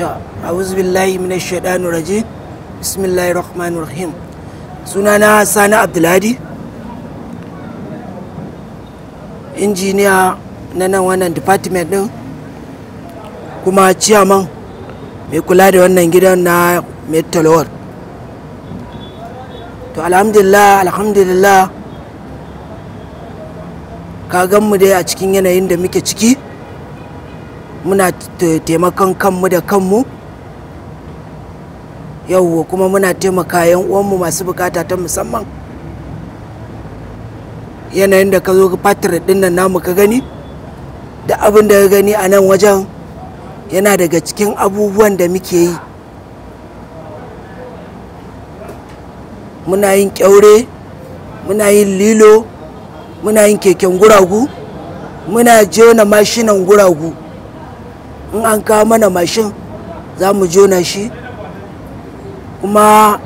ta a'udhu billahi minash shaitanir rajim bismillahir rahmanir rahim sunana sani abdulhadi injiniya na nan wannan department din kuma ciyaman mai kula da wannan gidan na metal world to alhamdulillah alhamdulillah ka gan mu dai a cikin yanayin da muke ciki muna taimakon kanmu da kanmu yauwa kuma muna taimaka yan uwanmu masu bukata ta musamman yanayin da ka zo fatir din namu ka gani da abin da ka gani a nan wajen yana daga cikin abubuwan da muke yi muna yin kyaure muna yin lilo muna yin keken guragu muna jona mashinan guragu in an kawo mana mashin za mu jona shi kuma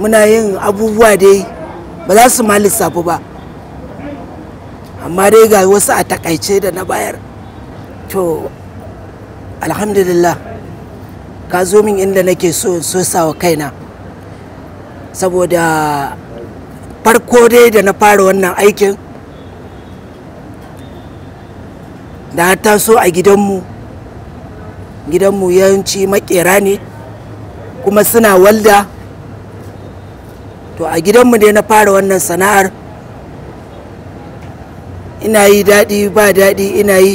muna yin abubuwa dai ba za su ma lissafi ba amma dai ga wasu a takaice da na bayar to alhamdulillah ka zo min inda nake so so sawa kaina saboda farko dai da na fara wannan aikin da ta so a gidanmu gidanmu yawanci makera ne kuma suna walda to a gidanmu dai na fara wannan sana'ar ina yi daɗi ba daɗi ina yi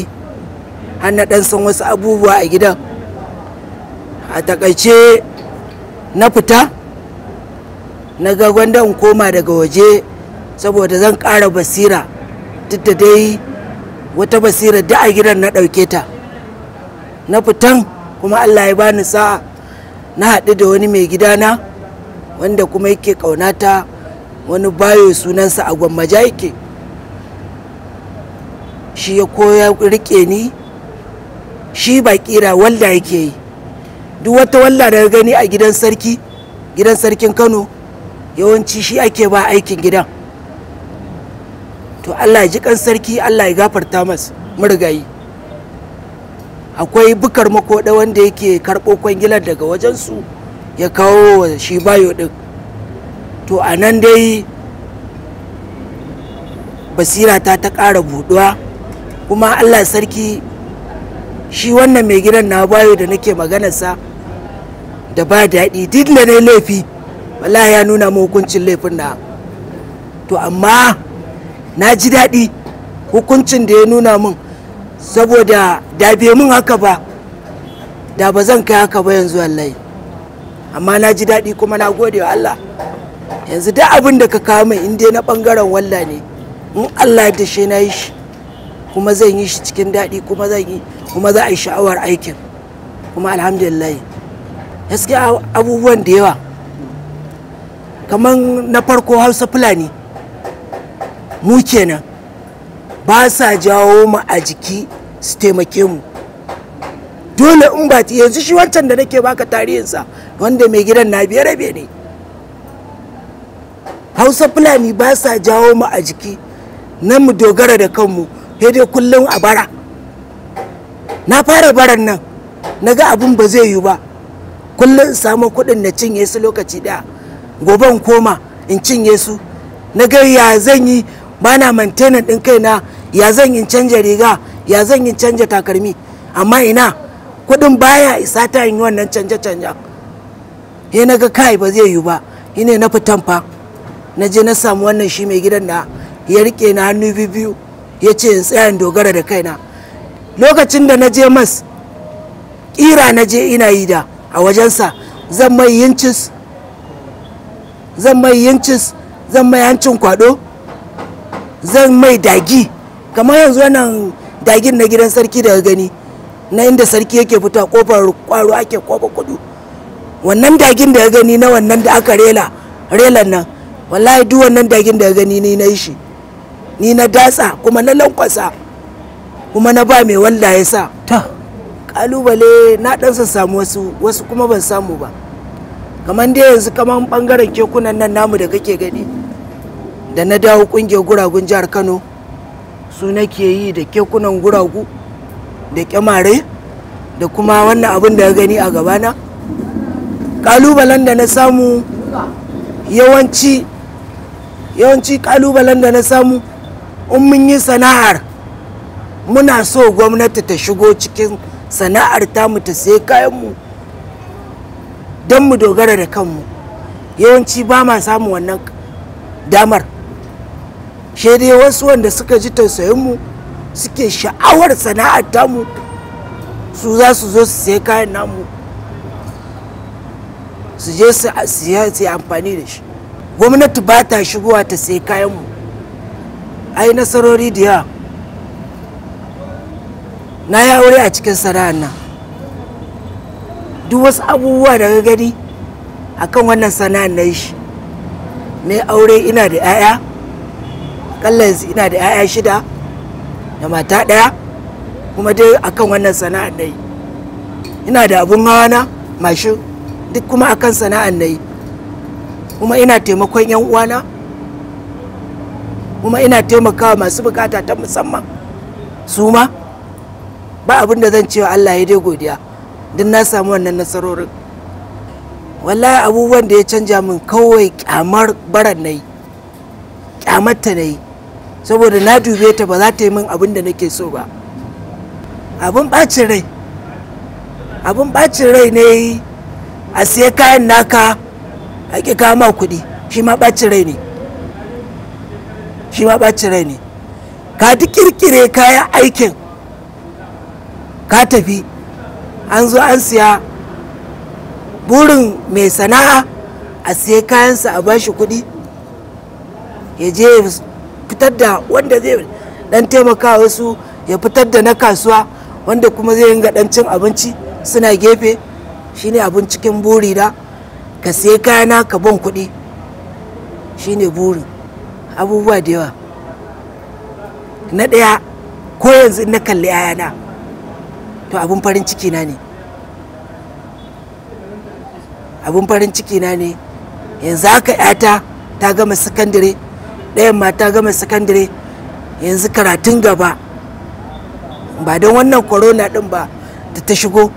har ɗan san wasu abubuwa a gidan a takaice na fita na ga gwanda in koma daga waje saboda zan ƙara basira duk da dai wata basira da a gidan na ɗauke ta na fitan kuma allah ya bani sa'a na haɗu da wani mai gidana wanda kuma yake ƙaunata wani bayo sunansa a gwammaja yake shi ya koya rike ni shi ba kira walla yake yi duk wata walla da gani a gidan sarki gidan sarkin kano yawanci shi ake ba aikin gidan to allah ya ji kan sarki allah ya gafarta masa murgayi akwai bukar makoda wanda yake karɓo kwangilar daga wajen su ya kawo wa shi bayo ɗin to a nan dai basira ta ta ƙara buɗuwa kuma allah sarki shi wannan mai gidan na bayo da nake sa da ba daɗi duk da na laifi wallahi ya nuna mu hukuncin laifin na to amma na ji daɗi hukuncin da ya nuna min saboda da bai mun haka ba da ba zan kai haka ba yanzu wallahi amma na ji daɗi kuma na gode wa Allah yanzu duk abin da ka kawo min inda na ɓangaren walla ne in Allah da shi na yi shi kuma zan yi shi cikin daɗi kuma zan yi kuma za a yi sha'awar aikin kuma alhamdulillah gaskiya abubuwan da yawa kamar na farko hausa fulani mu kenan ba sa jawo mu a jiki su taimake mu dole in ba yanzu shi wancan da nake baka tarihinsa wanda mai gidan na biye rabe ne hausa fulani ba sa jawo mu a jiki nan mu dogara da kanmu dai kullum a bara na fara baran nan na ga abin ba zai yi ba kullum in samu kuɗin na cinye su lokaci ɗaya gobe in koma in cinye su na ga ya zan yi ba na mantenan ɗin kaina ya zan in canja riga ya zan yi canja takalmi amma ina kudin baya isa ta yin wannan canja canja he na ga kai ba zai yi ba ine na fitan fa na je na samu wannan shi mai gidan da ya rike na hannu biyu ya ce in tsaya in dogara da kaina lokacin da na je mas kira na je ina yi da a wajensa zan mai yincis zan mai yincis zan mai hancin kwado zan mai dagi kamar yanzu wannan dagin na gidan sarki daga gani na inda sarki yake fita kofar kwaro ake kofar kudu wannan dagin da gani na wannan da aka rela relan nan wallahi duk wannan dagin da gani ni na shi ni na datsa kuma na lankwasa kuma na ba mai wanda ya sa ta kalubale na dan samu wasu wasu kuma ban samu ba kamar dai yanzu kamar bangaren kekunan nan namu da kake gani da na dawo kungiyar guragun jihar Kano su nake yi da kekunan guragu da kyamare da kuma wannan abin da ya gani a gabana kalubalen da na samu yawanci yawanci kalubalen da na samu in mun yi sana'ar muna so gwamnati ta shigo cikin sana'ar tamu ta sai kayanmu don mu dogara da kanmu yawanci ba ma samun wannan damar shi dai wasu wanda suka ji tausayinmu suke sha'awar sana'ar tamu su za su zo su sai kayan namu su je su yi amfani da shi gwamnati ba ta shigowa ta sai kayanmu ai nasarori da yawa na yi aure a cikin sana'ar nan duk wasu abubuwa daga gani akan wannan sana'ar na shi ne aure ina da 'ya'ya akalla yanzu ina da 'ya'ya shida da mata ɗaya kuma dai akan wannan sana'ar na yi ina da abun hawa na mashin duk kuma akan sana'ar na yi kuma ina taimakon 'yan uwana kuma ina taimakawa masu bukata ta musamman su ma ba abin da zan cewa Allah ya dai godiya duk na samu wannan nasarorin wallahi abubuwan da ya canja min kawai kyamar baran na yi kyamar ta na yi saboda na dube ta ba za ta yi min abin da nake so ba abin ɓacin rai abin ɓacin rai ne a siya kayan naka a ƙi kama kuɗi shi ma ɓacin rai ne shi ma ɓacin rai ne ka ta kirkire kayan aikin ka tafi an zo an siya burin mai sana'a a siya kayansa a bashi kuɗi ya je fitar da wanda zai dan taimaka wasu ya fitar da na kasuwa wanda kuma zai yi dan cin abinci suna gefe shine abin cikin buri da ka sai kayana ka ban kuɗi shine buri abubuwa da yawa na ɗaya ko yanzu na kalli ayana to abin farin ciki na ne abin farin ciki na ne yanzu haka yata ta gama sakandare ɗayan mata gama sakandare yanzu karatun gaba ba don wannan corona ɗin ba da ta shigo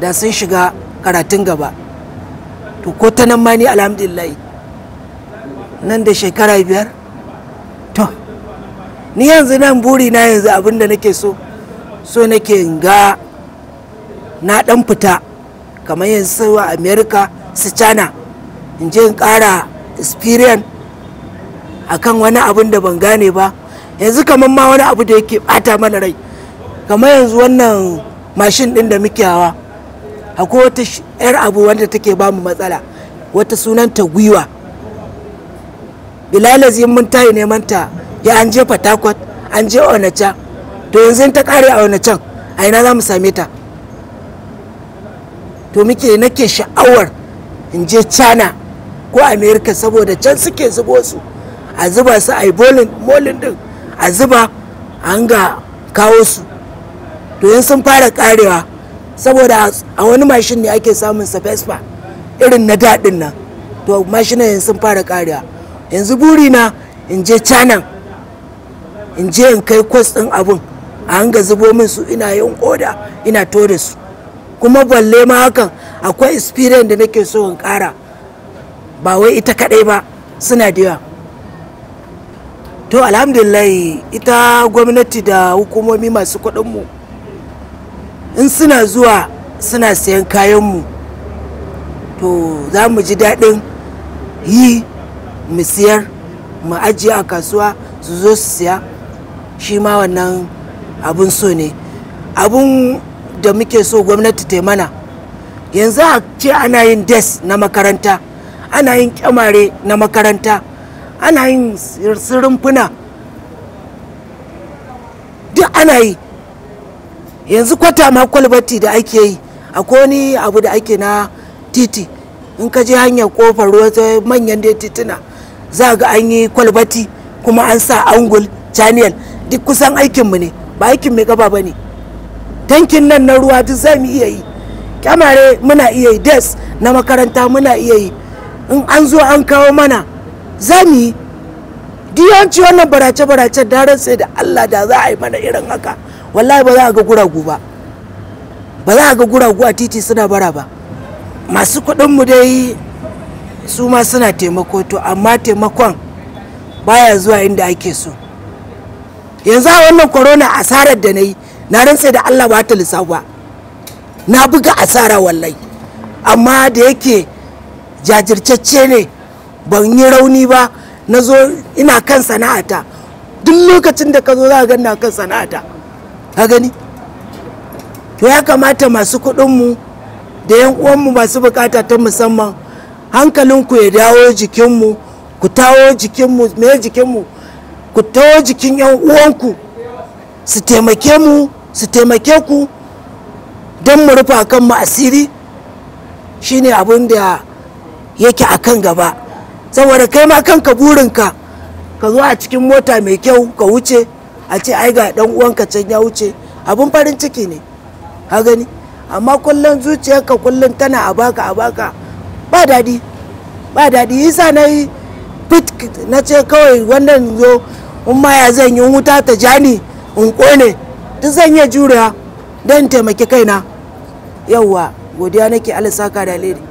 da sun shiga karatun gaba to ko ta nan ma ni alhamdulillah nan da shekara biyar to ni yanzu nan buri na yanzu abinda nake so so nake ga na dan fita kamar yanzu a america su china in je in kara experience akan wani abu da ban gane ba yanzu kamar ma wani abu da yake bata mana rai kamar yanzu wannan mashin din da muke hawa akwai wata yar abu wanda take ba mu matsala wata sunan ta gwiwa bilalas yin mun tayi neman ta ya an je fatakwat an je onacha to yanzu ta kare a onachan a ina za mu same ta to muke nake sha'awar in je china ko america saboda can suke zubo su a zuba su a yi bolin din a zuba an ga kawo su to yin sun fara karewa saboda a wani mashin ne ake samun sa vespa irin na daɗin nan to mashinan yin sun fara karewa yanzu buri na in je canan in je in kai kwas ɗin abun, a hanga zubo min su ina yin koda, ina to da su kuma balle ma hakan akwai experience da nake so in ƙara ba wai ita kaɗai ba suna da yawa to alhamdulillah ita gwamnati da hukumomi masu mu in suna zuwa suna sayan kayanmu to za mu ji daɗin yi mu siyar mu ajiye a kasuwa su zo su siya shi ma wannan abun so ne abun da muke so gwamnati ta mana yanzu a ce ana yin des na makaranta ana yin kyamare na makaranta ana yin rumfuna duk ana yi yanzu kwata ma kwalbati da ake yi akwai wani abu da ake na titi in ka je hanyar kofar ruwa ta manyan da tituna za ga an yi kwalbati kuma an sa angul channel duk kusan aikinmu ne ba aikin mai gaba ba ne tankin nan na ruwa duk za mu iya yi kyamare muna iya yi des na makaranta muna iya yi in an zo an kawo mana za mu yi diyanci wannan barace-barace daren sai da allah da za a yi mana irin haka wallahi ba za a ga guragu ba ba za a ga guragu a titi suna bara ba masu mu dai su ma suna taimako to amma taimakon baya zuwa inda ake so yanzu a wannan corona asarar da na yi na rantse da allah ba ta lissafa na buga asara wallahi amma da yake jajirtacce ne ban yi rauni ba na zo ina kan sana'ata duk lokacin da ka zo za ka na kan sana'ata ka gani to ya kamata masu kuɗinmu da 'yan uwanmu masu bukata ta musamman hankalinku ya dawo jikinmu ku tawo jikinmu me jikinmu ku tawo jikin 'yan uwanku su taimake mu su taimake ku don mu rufa kanmu asiri shine abin da yake a kan gaba saboda kai ma kanka burinka ka zo a cikin mota mai kyau ka wuce a ce ai ga dan uwanka can ya wuce abun farin ciki ne ka gani amma kullum zuciyarka kullum tana a baka a baka ba daɗi ba dadi yasa na yi fit na ce kawai wannan zo in ma ya zan yi wuta ta jani in kone duk zan iya jura don taimaki kaina yauwa godiya nake alisaka da alheri